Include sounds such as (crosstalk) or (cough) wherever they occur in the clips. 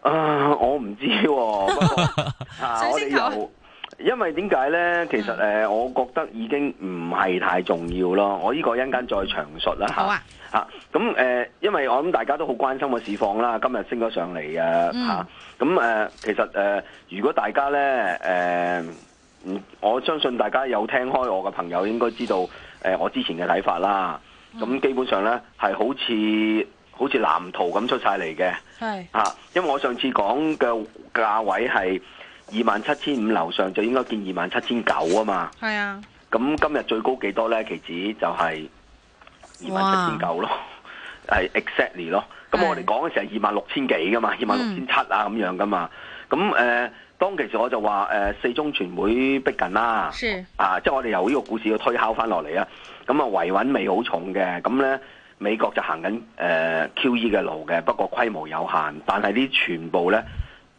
(laughs) 啊！我唔知，不過 (laughs) 啊，我哋又因為點解咧？其實誒，我覺得已經唔係太重要咯。我呢個一陣間再詳述啦。好啊，吓咁誒，因為我諗大家都好關心個市況啦。今日升咗上嚟，嗯、啊，吓咁誒，其實誒、呃，如果大家咧誒、呃，我相信大家有聽開我嘅朋友應該知道誒、呃，我之前嘅睇法啦。咁基本上咧係好似。好似藍圖咁出晒嚟嘅，嚇是、啊！因為我上次講嘅價位係二萬七千五樓上，就應該見二萬七千九啊嘛。係啊，咁今日最高幾多咧？期指就係二萬七千九咯，係哇 (laughs) (laughs) exactly 咯。咁是我哋講嘅時係二萬六千幾噶嘛，二萬六千七啊咁樣噶嘛。咁誒、嗯呃，當其實我就話誒、呃，四中全會逼近啦，是啊，即係我哋由呢個故事要推敲翻落嚟啊。咁啊，維穩味好重嘅，咁咧，美國就行緊誒 QE 嘅路嘅，不過規模有限，但係呢全部呢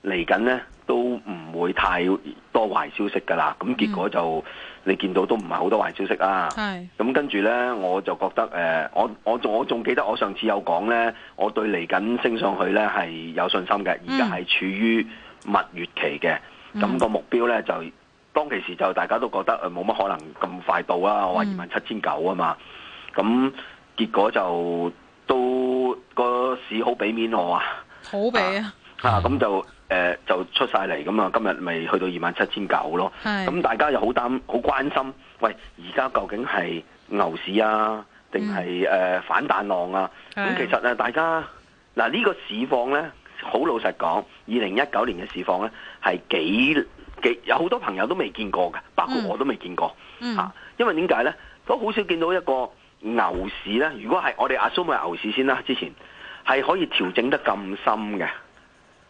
嚟緊呢都唔會太多壞消息㗎啦。咁、嗯、結果就你見到都唔係好多壞消息啦。咁是跟住呢，我就覺得誒，我我我仲記得我上次有講呢，我對嚟緊升上去呢係有信心嘅，而家係處於蜜月期嘅。咁、嗯、個目標呢，就當其時就大家都覺得冇乜、呃、可能咁快到啊，我話二萬七千九啊嘛。咁結果就都個市好俾面我啊，好俾 (laughs) 啊！啊、咁、嗯、就誒、呃、就出晒嚟咁啊！今日咪去到二萬七千九咯，咁大家又好擔好關心，喂、嗯，而家究竟係牛市啊，定係誒反彈浪啊？咁是、嗯、其實啊，大家嗱呢、啊這個市況咧，好老實講，二零一九年嘅市況咧係幾幾有好多朋友都未見過嘅，包括我都未見過，吓、嗯嗯啊，因為點解咧？都好少見到一個。牛市咧，如果係我哋 assume 咪牛市先啦，之前係可以調整得咁深嘅？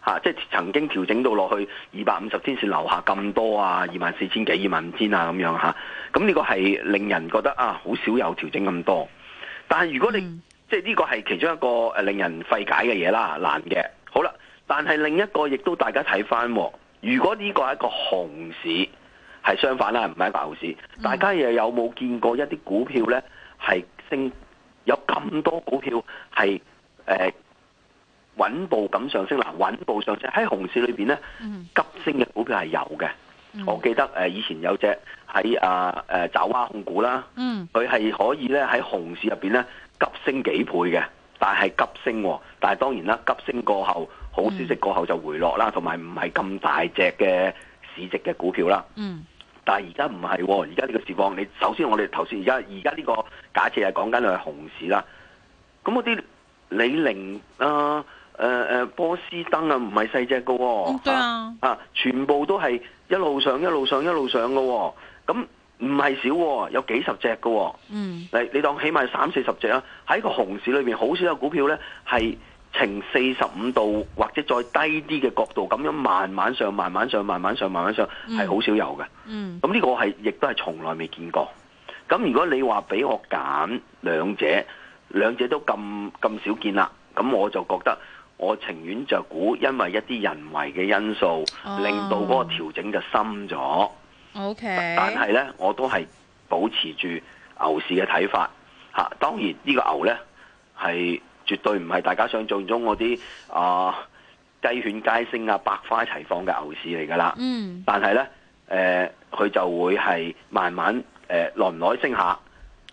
吓、啊、即係曾經調整到落去二百五十天線樓下咁多, 24, 多 25, 啊，二萬四千幾、二萬五千啊咁樣吓。咁、這、呢個係令人覺得啊，好少有調整咁多。但係如果你、嗯、即係呢個係其中一個誒令人費解嘅嘢啦，難嘅。好啦，但係另一個亦都大家睇翻，如果呢個係一個熊市，係相反啦，唔係一個牛市。大家又有冇見過一啲股票咧？係升有咁多股票係誒、呃、穩步咁上升啦，穩步上升喺熊市裏邊咧，mm. 急升嘅股票係有嘅。Mm. 我記得誒以前有隻喺啊誒爪哇控股啦，佢係、mm. 可以咧喺熊市入邊咧急升幾倍嘅，但係急升、哦，但係當然啦，急升過後好消息過後就回落啦，同埋唔係咁大隻嘅市值嘅股票啦。Mm. 但而家唔係，而家呢個市況，你首先我哋頭先，而家而家呢個假設係講緊係熊市啦。咁嗰啲李寧啊、誒、啊、誒波司登隻、哦嗯、啊，唔係細隻嘅，對啊，全部都係一路上、一路上、一路上嘅、哦，咁唔係少，有幾十隻嘅、哦，嗯，嚟你當起碼三四十隻啦。喺個熊市裏面，好少有股票咧係。呈四十五度或者再低啲嘅角度，咁樣慢慢上、慢慢上、慢慢上、慢慢上，係好少有嘅。嗯，咁呢個係亦都係從來未見過。咁如果你話俾我揀兩者，兩者都咁咁少見啦。咁我就覺得我情願着股，因為一啲人為嘅因素令到嗰個調整就深咗。哦，okay，但係呢，我都係保持住牛市嘅睇法。吓、啊，當然呢個牛呢，係。絕對唔係大家想象中嗰啲啊，雞犬皆升啊，百花齊放嘅牛市嚟噶啦，mm. 但係咧誒佢就會係慢慢誒耐唔耐升下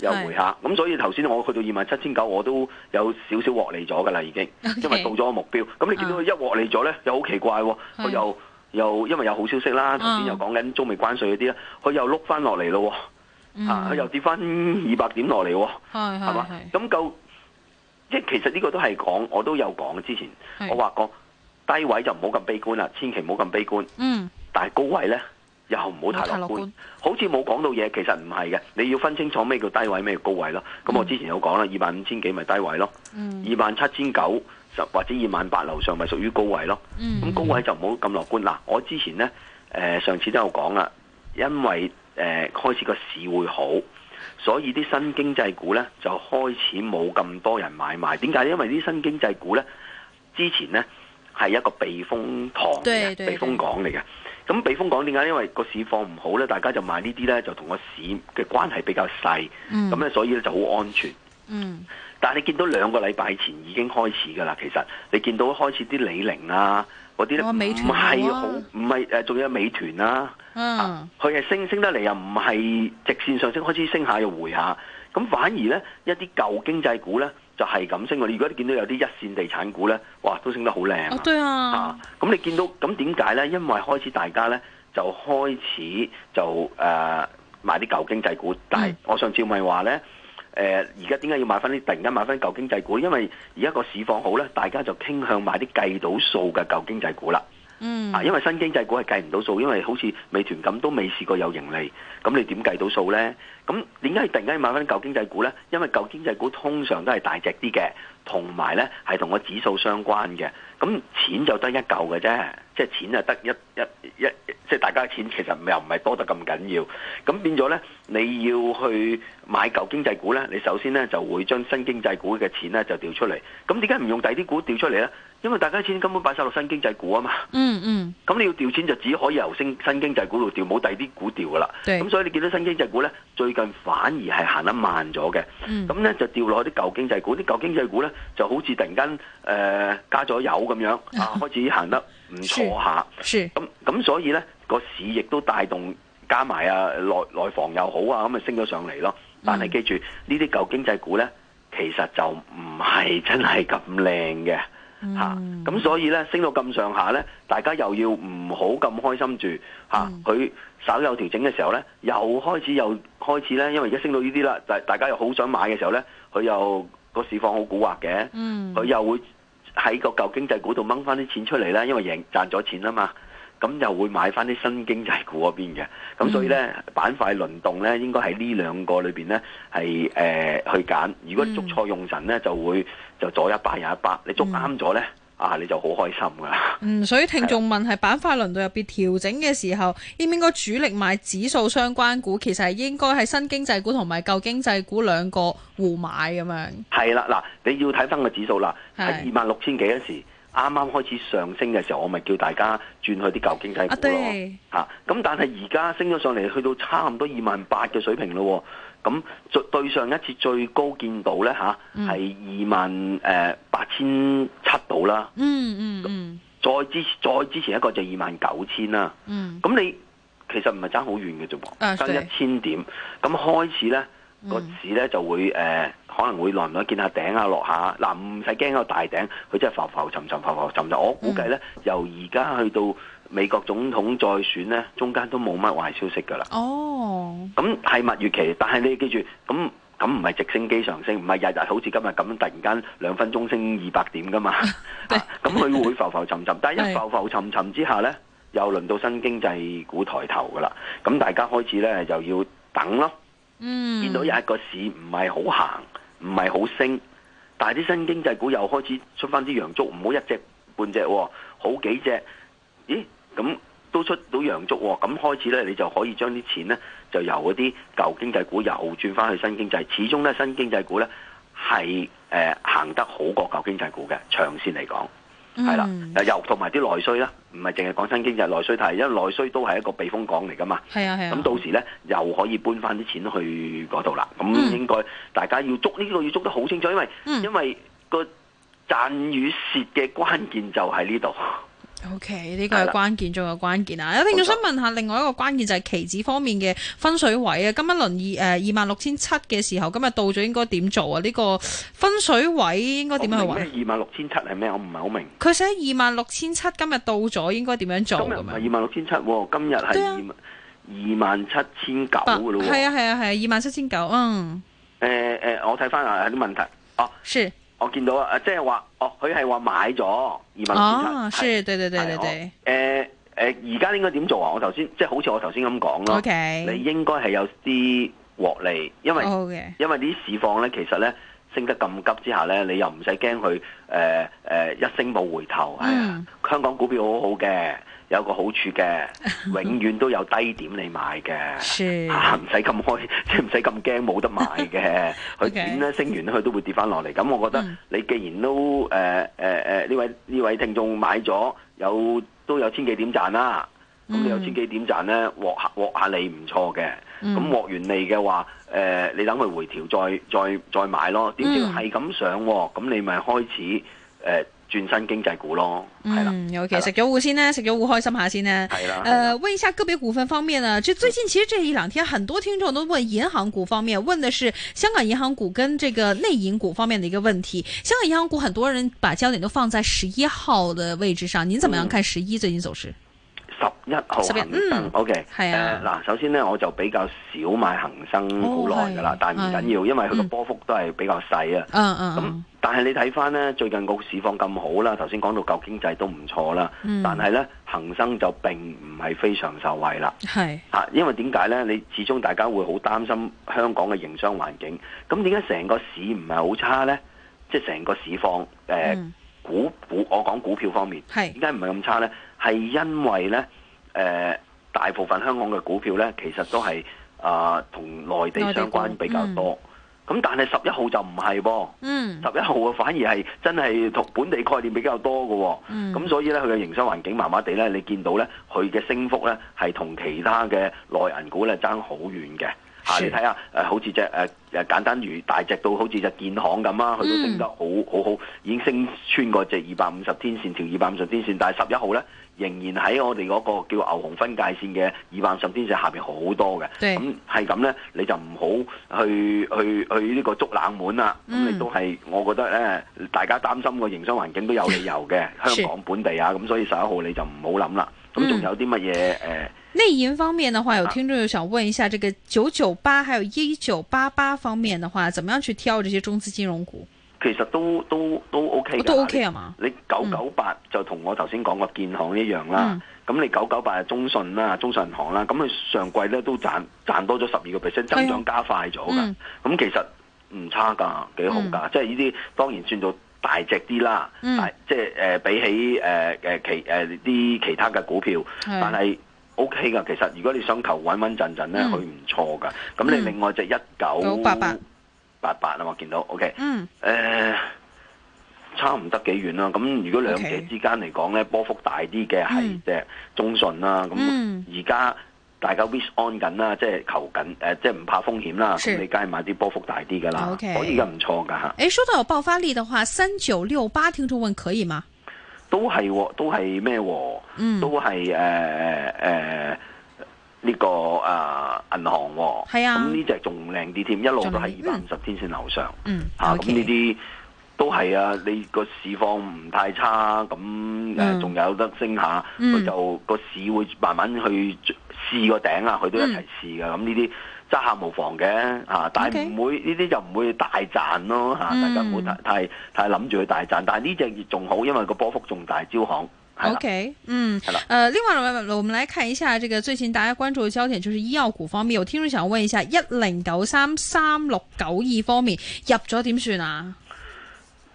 又回下，咁是、啊、所以頭先我去到二萬七千九，我都有少少獲利咗噶啦，已經了了，Okay. 因為到咗個目標。咁你見到佢一獲利咗咧，uh, 又好奇怪，佢又又因為有好消息啦，頭先又講緊中美關稅嗰啲咧，佢又碌翻落嚟咯，27, ayo, 嗯、啊佢又跌翻二百點落嚟，係係嘛，咁夠。嗯即係其實呢個都係講，我都有講之前我話過，我話講低位就唔好咁悲觀啦，千祈唔好咁悲觀。嗯。但係高位呢，又唔好太樂觀。樂觀好似冇講到嘢，其實唔係嘅。你要分清楚咩叫低位，咩叫高位咯。咁、嗯、我之前有講啦，二萬五千幾咪低位咯。二萬七千九十或者二萬八樓上咪屬於高位咯。咁、嗯、高位就唔好咁樂觀。嗱、嗯，我之前呢，誒、呃、上次都有講啦，因為誒、呃、開始個市會好。所以啲新經濟股呢，就開始冇咁多人買賣，點解？因為啲新經濟股呢，之前呢，係一個避風塘嚟嘅、對對對避風港嚟嘅。咁避風港點解？因為個市況唔好呢，大家就買呢啲呢，就同個市嘅關係比較細，咁、嗯、呢，所以咧就好安全。嗯，但係你見到兩個禮拜前已經開始噶啦，其實你見到開始啲李寧啊。嗰啲咧，唔係好，唔係誒，仲、啊啊、有美團啦、啊，佢係、嗯啊、升升得嚟又唔係直線上升，開始升下又回下，咁反而咧一啲舊經濟股咧就係、是、咁升，我哋如果你見到有啲一線地產股咧，哇，都升得好靚啊！啊，咁、啊啊、你見到咁點解咧？因為開始大家咧就開始就誒、呃、買啲舊經濟股，但係我上次咪話咧。誒，而家點解要買翻啲突然間買翻舊經濟股？因為而家個市況好咧，大家就傾向買啲計到數嘅舊經濟股啦。嗯、啊，因為新經濟股係計唔到數，因為好似美團咁都未試過有盈利，咁你點計到數呢？咁點解突然間要買翻舊經濟股呢？因為舊經濟股通常都係大隻啲嘅，同埋呢係同個指數相關嘅。咁錢就得一嚿嘅啫，即係錢就得一一一，即係大家錢其實又唔係多得咁緊要。咁變咗呢，你要去買舊經濟股呢，你首先呢就會將新經濟股嘅錢呢就調出嚟。咁點解唔用第啲股調出嚟呢？因為大家錢根本擺晒落新經濟股啊嘛，嗯嗯，咁、嗯、你要調錢就只可以由升新，新經濟股度調，冇第二啲股調噶啦。咁對所以你見到新經濟股咧，最近反而係行得慢咗嘅。咁咧、嗯、就調落去啲舊經濟股，啲舊經濟股咧就好似突然間誒、呃、加咗油咁樣，啊、開始行得唔錯下。咁咁、啊、所以咧個市亦都帶動加埋啊內內房又好啊，咁咪升咗上嚟咯。但係記住呢啲舊經濟股咧，其實就唔係真係咁靚嘅。吓，咁、嗯啊、所以咧升到咁上下咧，大家又要唔好咁開心住吓，佢、啊嗯、稍有調整嘅時候咧，又開始又開始咧，因為而家升到呢啲啦，大大家又好想買嘅時候咧，佢又個市況好蠱惑嘅，佢、嗯、又會喺個舊經濟股度掹翻啲錢出嚟啦，因為贏賺咗錢啊嘛，咁又會買翻啲新經濟股嗰邊嘅，咁所以咧、嗯、板塊輪動咧，應該喺呢兩個裏邊咧係誒去揀，如果捉錯用神咧就會。就左一百右一百，你捉啱咗呢，啊你就好開心噶。嗯，所以聽眾問係的板塊輪動入邊調整嘅時候，應唔應該主力買指數相關股？其實係應該係新經濟股同埋舊經濟股兩個互買咁樣。係啦，嗱，你要睇返個指數啦，係二萬六千幾嗰時啱啱開始上升嘅時候，我咪叫大家轉去啲舊經濟股咯。啊，對。嚇、啊，咁但係而家升咗上嚟，去到差唔多二萬八嘅水平咯。咁最對上一次最高見到咧嚇，係二、嗯、萬誒八千七度啦。嗯嗯嗯，嗯再之再之前一個就二萬九千啦。嗯，咁你其實唔係爭好遠嘅啫噃，爭一千點。咁開始咧。個市咧就會誒、呃，可能會耐唔耐見下頂啊，落下嗱，唔使驚個大頂，佢真係浮浮沉沉，浮浮沉沉。我估計咧，嗯、由而家去到美國總統再選咧，中間都冇乜壞消息噶啦。哦、嗯，咁係蜜月期，但係你記住，咁咁唔係直升機上升，唔係日日好似今日咁樣突然間兩分鐘升二百點噶嘛。對、 (laughs) 啊，咁、嗯、佢會浮浮沉沉，但係一浮浮沉沉之下咧，又輪到新經濟股抬頭噶啦。咁、嗯、大家開始咧就要等咯。見、mm hmm. 到有一個市唔係好行，唔係好升，但係啲新經濟股又開始出翻啲陽燭，唔好一隻半隻，哦，好幾隻，咦？咁都出到陽燭，哦，咁開始咧，你就可以將啲錢咧，就由嗰啲舊經濟股又轉翻去新經濟，始終咧新經濟股咧係誒行得好過舊經濟股嘅，長線嚟講，係啦，mm hmm.，又同埋啲內需啦。唔係淨係講新經濟、就係、內需睇，因為內需都係一個避風港嚟噶嘛。係啊係啊。咁到時咧又可以搬翻啲錢去嗰度啦。咁應該大家要捉呢個要捉得好清楚，因為、嗯、因為個賺與蝕嘅關鍵就喺呢度。O K，呢個係關鍵，仲有關鍵啊！錯有聽眾想問下另外一個關鍵就係期指方面嘅分水位啊！今一輪二誒二萬六千七嘅時候，今日到咗應該點做啊？呢、這個分水位應該點樣去搵？二萬六千七係咩？我唔係好明。佢寫二萬六千七，今日到咗應該點樣做？今日唔係二萬六千七，今日係二萬七千九噶啊，係、哦、啊係啊二萬七千九。啊啊、27, 900，嗯。誒誒、呃呃，我睇翻下有啲問題啊。我見到啊，誒即係話，哦佢係話買咗二萬六千七，係哦，係對對對對對，誒誒而家應該點做啊？我頭先即係好似我頭先咁講咯，OK，你應該係有啲獲利，因為，OK，因為啲市況咧其實咧。升得咁急之下呢，你又唔使驚佢誒誒一升冇回頭，係、哎、香港股票好好嘅，有個好處嘅，永遠都有低點你買嘅，唔使咁開，即係唔使咁驚冇得買嘅。佢點呢，升完佢都會跌翻落嚟。咁我覺得你既然都誒誒誒呢位呢位聽眾買咗，有都有千幾點賺啦。咁、嗯、你有千幾點賺咧，獲下獲下利唔錯嘅。咁獲完利嘅話，誒、呃、你等佢回調再再再買咯。點知係咁上喎、哦，咁、嗯、你咪開始誒、呃、轉新經濟股咯。係啦，尤其食咗糊先呢？食咗糊開心下先呢？係啦。誒，問一下個別股份方面咧，就最近其實這一兩天，很多聽眾都問銀行股方面，問的是香港銀行股跟這個內銀股方面的一個問題。香港銀行股很多人把焦點都放在十一號的位置上，你點樣看十一最近走勢？十一號恒生，OK，嗱，首先咧我就比較少買恒生好耐㗎啦，但係唔緊要，因為佢個波幅都係比較細啦。嗯嗯。咁但係你睇翻咧，最近個市況咁好啦，頭先講到舊經濟都唔錯啦。嗯。但係咧恒生就並唔係非常受惠啦。係。嚇！因為點解咧？你始終大家會好擔心香港嘅營商環境。咁點解成個市唔係好差咧？即係成個市況，誒，股股我講股票方面，點解唔係咁差咧？係因為咧，誒、呃，大部分香港嘅股票咧，其實都係啊，同、呃、內地相關比較多。咁、嗯、但係十一號就唔係噃，十一號啊，反而係真係同本地概念比較多嘅。咁、嗯嗯、所以咧，佢嘅營商環境麻麻地咧，你見到咧，佢嘅升幅咧，係同其他嘅內銀股咧爭好遠嘅。吓，你睇下誒，好似隻誒誒，簡單如大隻到好似隻建行咁啊，佢都、嗯、升得好好好，已經升穿過隻二百五十天線條二百五十天線，但係十一號咧。嗯仍然喺我哋嗰個叫牛熊分界線嘅二萬十點上下邊好多嘅。咁係咁咧，你就唔好去去去呢個捉冷門啦。咁亦都係，我覺得咧，大家擔心個營商環境都有理由嘅。 (laughs) 是香港本地啊，咁、嗯、所以十一號你就唔好諗啦。咁、嗯、仲有啲乜嘢誒，呃、內銀方面嘅話，有聽眾又想問一下，啊、這個九九八，還有一九八八方面的話，怎麼樣去挑這些中資金融股？其實都都都 OK 嘅，都 OK 啊嘛、OK！你九九八就同我頭先講個建行一樣啦。咁、嗯、你九九八係中信啦，中信銀行啦。咁佢上季咧都賺賺多咗十二個 percent，增長加快咗嘅。咁、嗯、其實唔差噶，幾好噶。嗯、即係呢啲當然算做大隻啲啦。嗯、即係、呃、誒，比起誒誒、呃、其誒啲、呃其，呃、其他嘅股票，的但係 OK 噶。其實如果你想求穩穩陣陣咧，佢唔、嗯、錯噶。咁你另外就一九八八。嗯八八啊嘛，見到，OK，誒、嗯呃，差唔得幾遠啦。咁如果兩者之間嚟講咧，Okay. 波幅大啲嘅係即係中信啦。咁而家大家 wish on 緊啦，即、就、係、是、求緊，誒、呃，即係唔怕風險啦。咁是你梗係買啲波幅大啲噶啦。可以噶，唔錯噶。誒，說到爆發力嘅話，三九六八，聽眾問可以嗎？都係喎、哦，都係咩、哦？嗯，都係誒誒。呃呃呃呢、呢個誒、呃、銀行、哦，咁呢隻仲靚啲添，一路都喺二百五十天線樓上，嚇咁呢啲都係啊！你個市況唔太差，咁誒仲有得升下，佢就個市會慢慢去試個頂試、嗯嗯、啊，佢都一齊試嘅。咁呢啲揸下無妨嘅嚇，但係唔會呢啲就唔會大賺咯嚇、啊，大家唔好太太諗住去大賺。但係呢隻仲好，因為個波幅仲大，招行。O、okay, K，嗯，誒的、呃，另外，我我我們來看一下，這個最近大家關注嘅焦點就係醫藥股方面。我聽眾想問一下，一零九三三六九二方面入咗點算啊？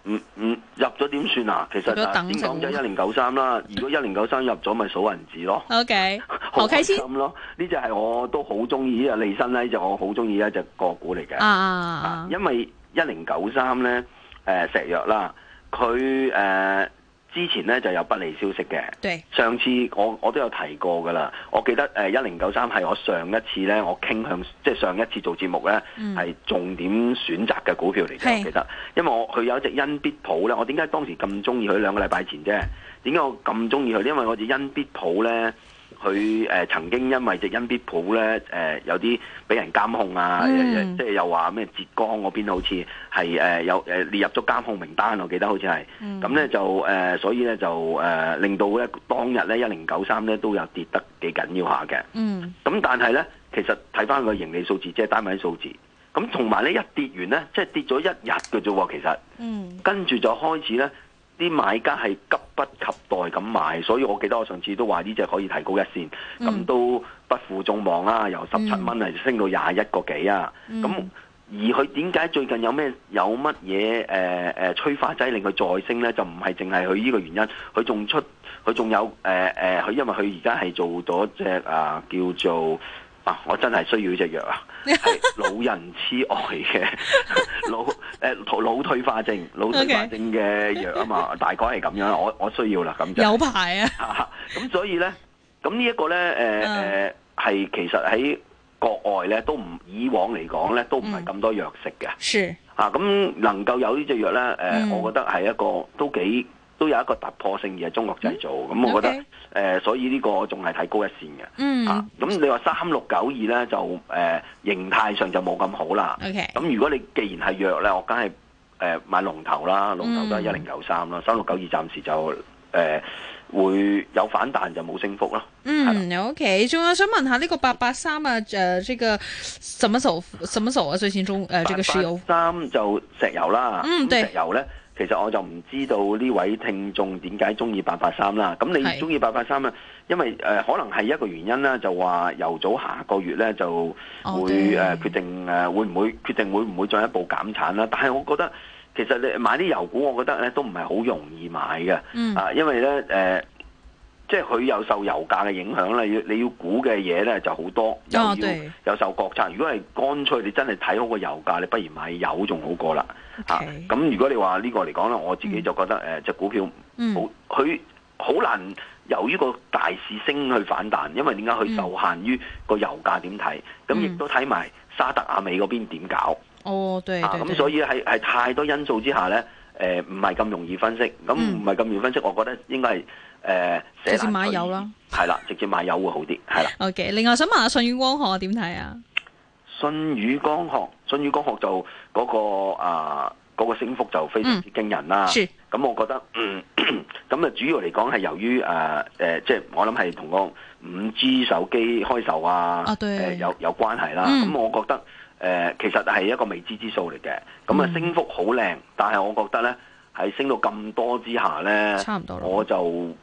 唔唔、嗯嗯，入咗點算啊？其實點講啫？一零九三啦，嗯、如果一零九三入咗，咪數銀紙咯。O Okay , K，呵何啟先咯？呢隻係我都好中意，呢隻利申呢隻我好中意，一隻個股嚟嘅。啊，啊，因為一零九三咧，誒，石藥啦，佢誒。呃呃之前咧就有不利消息嘅。對上次我我都有提過噶啦，我記得誒一零九三係我上一次咧，我傾向，即係上一次做節目咧係、嗯、重點選擇嘅股票嚟嘅，記是得因為我佢有一隻恩必普咧，我點解當時咁中意佢兩個禮拜前啫？點解我咁中意佢？因為我哋恩必普咧。佢誒、嗯、曾經因為隻恩必普咧誒有啲俾人監控啊，即係、嗯、又話咩浙江嗰邊好似係誒有誒列入咗監控名單，我記得好似係。咁咧、嗯、就誒、呃、所以咧就誒、呃、令到咧當日咧一零九三咧都有跌得幾緊要下嘅。咁、嗯、但係咧其實睇翻個盈利數字，即係單位數字。咁同埋咧一跌完咧，即係跌咗一日嘅啫喎，其實。嗯、跟住就開始咧。啲買家係急不及待咁買，所以我記得我上次都話呢隻可以提高一線，咁、嗯、都不負眾望啦，由十七蚊係升到廿一個幾啊。咁、嗯、而佢點解最近有咩有乜嘢誒誒催化劑令佢再升咧？就唔係淨係佢呢個原因，佢仲出佢仲有誒誒，佢、呃呃、因為佢而家係做咗隻啊叫做啊，我真係需要呢隻藥啊！係 (laughs) 老人痴呆嘅腦誒、呃，腦退化症、腦退化症嘅藥啊嘛，Okay. (laughs) 大概係咁樣。我我需要啦，咁就有排啊。咁 (laughs) (laughs) 所以咧，咁呢一個咧，誒、呃、誒，係、uh, 呃、其實喺國外咧都唔以往嚟講咧都唔係咁多藥食嘅。是啊，咁能夠有藥呢隻藥咧，誒、呃，嗯、我覺得係一個都幾。都有一個突破性嘅中國製造，咁、嗯、我覺得，誒 Okay.、呃，所以呢個仲係睇高一線嘅。嗯，咁、啊、你話三六九二咧就，誒、呃，形態上就冇咁好啦。咁 Okay. 如果你既然係弱咧，我梗係，誒、呃，買龍頭啦，龍頭都係一零九三啦，三六九二暫時就，誒、呃，會有反彈就冇升幅啦。嗯的，OK，仲有我想問下呢個八八三啊，誒、呃，這個什麼時候什麼時候啊？最近中誒，這個石油三就石油啦，嗯，對，石油咧。嗯其實我就唔知道呢位聽眾點解中意八八三啦。咁你中意八八三咧，因為誒、呃、可能係一個原因啦，就話由早下個月咧就會誒 Okay.、呃、決定誒、呃、會唔會決定會唔會進一步減產啦。但係我覺得其實你買啲油股，我覺得咧都唔係好容易買嘅。啊、嗯呃，因為咧誒。呃即係佢又受油價嘅影響啦，要你要估嘅嘢咧就好多，又要、oh, 對又受國策。如果係乾脆你真係睇好個油價，你不如買油仲好過啦。吓 Okay.、啊，咁如果你話呢個嚟講啦，我自己就覺得誒隻、嗯呃這個、股票，嗯，佢好難由呢個大市升去反彈，因為點解佢受限於，油、嗯、於個油價點睇，咁、嗯、亦都睇埋沙特阿美嗰邊點搞。哦、oh,，對，咁、啊嗯、所以喺喺太多因素之下咧，誒唔係咁容易分析。咁唔係咁易分析，我覺得應該係。誒，呃、直接買油啦，係啦，直接買油會好啲，係啦 (laughs) 了。OK，另外想問下信宇光學點睇啊？信宇光學，信宇光學就嗰、嗰個啊，呃嗰個升幅就非常之驚人啦。咁、嗯、我覺得，咁、嗯、啊、那個、主要嚟講係由於誒誒，即係我諗係同個五 G 手機開售啊，誒、啊呃、有有關係啦。咁、嗯、我覺得誒、呃，其實係一個未知之數嚟嘅。咁、那、啊、個、升幅好靚，但係我覺得咧，喺升到咁多之下咧，差唔多我就。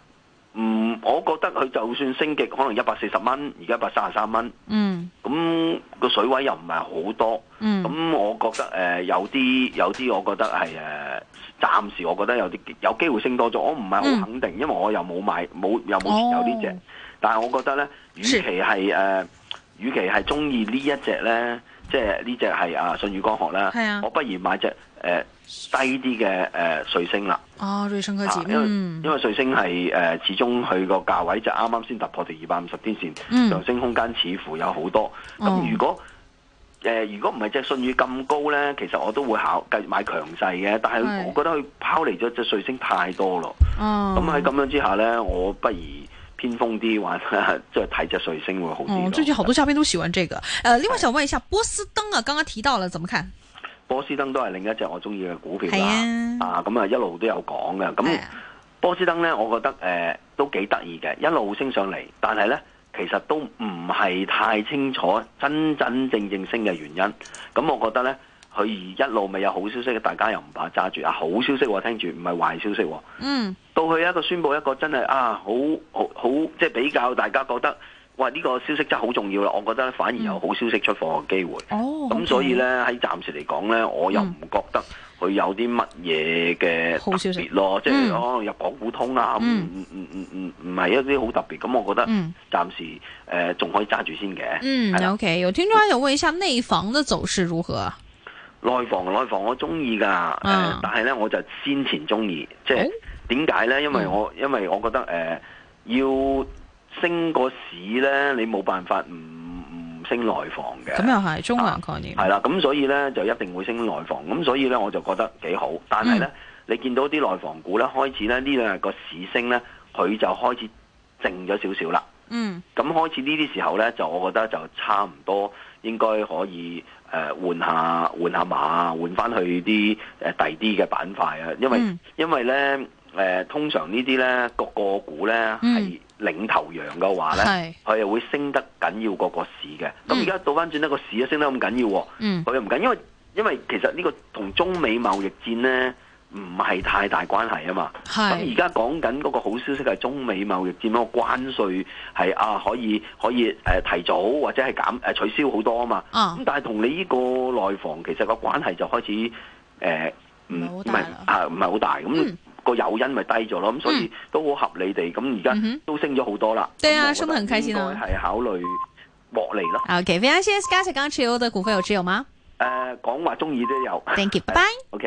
嗯，我覺得佢就算升極，可能一百四十蚊，而家一百三十三蚊。嗯，咁個水位又唔係好多。咁、嗯、我覺得誒、呃、有啲有啲，我覺得係誒、呃、暫時，我覺得有啲有機會升多咗。我唔係好肯定，嗯、因為我又冇買冇又冇持有呢隻。哦、但係我覺得呢，與其係誒、呃，與其係鍾意呢一隻呢。即係呢隻係啊舜宇光學咧，啊、我不如買隻誒、呃、低啲嘅誒瑞聲啦。哦，瑞聲科技、嗯、因為瑞聲係誒、呃、始終佢個價位就啱啱先突破咗二百五十天線，嗯、上升空間似乎有好多。咁如果誒、哦呃、如果唔係隻舜宇咁高咧，其實我都會考繼續買強勢嘅。但係我覺得佢拋離咗隻瑞聲太多咯。咁喺咁樣之下咧，我不如。偏鋒啲，或者即係睇隻瑞星會好啲。最近好多嘉賓都喜歡這個。誒、呃，另外想問一下對波斯登啊，剛剛提到了，怎麼看？波斯登都係另一隻我中意嘅股票啦。啊，咁啊，啊一路都有講嘅。咁、嗯啊、波斯登呢，我覺得誒、呃、都幾得意嘅，一路升上嚟。但係呢，其實都唔係太清楚真真正正升嘅原因。咁、嗯、我覺得呢。佢一路咪有好消息，嘅，大家又唔怕揸住啊！好消息，哦，聽住唔係壞消息，哦。嗯，到佢一個宣布一個真係啊，好好，好即係比較大家覺得，哇！呢，這個消息真係好重要啦。我覺得反而有好消息出貨嘅機會。咁，嗯哦，所以呢，喺暫，哦 OK，時嚟講呢，我又唔覺得佢有啲乜嘢嘅消息咯，嗯嗯嗯，即係可能入港股通啦，啊，唔唔係一啲好特別。咁我覺得暫時仲，呃，可以揸住先嘅。嗯對，OK，對我聽有聽眾想問一下內房嘅走勢如何？內房，內房我中意噶，誒、但係呢，我就先前中意，即係點解呢？因為我、嗯、因為我覺得誒、呃，要升個市呢，你冇辦法唔唔升內房嘅。咁、啊、又係中環概念。係啦、啊，咁所以呢，就一定會升內房，咁所以呢，我就覺得幾好。但係呢，嗯、你見到啲內房股呢，開始呢，呢兩日個市升呢，佢就開始靜咗少少啦。嗯。咁、嗯、開始呢啲時候呢，就我覺得就差唔多。應該可以誒、呃、換下換下馬換翻去啲誒第啲嘅板塊啊，因為、嗯、因為咧誒、呃、通常呢啲咧個個股咧係、嗯、領頭羊嘅話咧，佢又是會升得緊要過個市嘅。咁而家倒翻轉呢個市都升得咁緊要、啊嗯、緊要，佢又唔緊，因為因為其實呢個同中美貿易戰咧。唔係太大關係啊嘛，咁而家講緊嗰個好消息係中美貿易戰嗰個關稅係啊可以可以誒提早或者係減誒取消好多啊嘛，咁、啊、但係同你呢個內房其實個關係就開始誒唔唔係唔係好大咁、呃嗯嗯、個誘因咪低咗咯，咁所以都好合理地咁而家都升咗好多啦。對啊、嗯哼，升得好開心啦。應該係考慮獲利咯。好、啊，謝謝大家食香蕉，對股票有持有嗎？誒，講話中意都有。Thank you，拜拜。o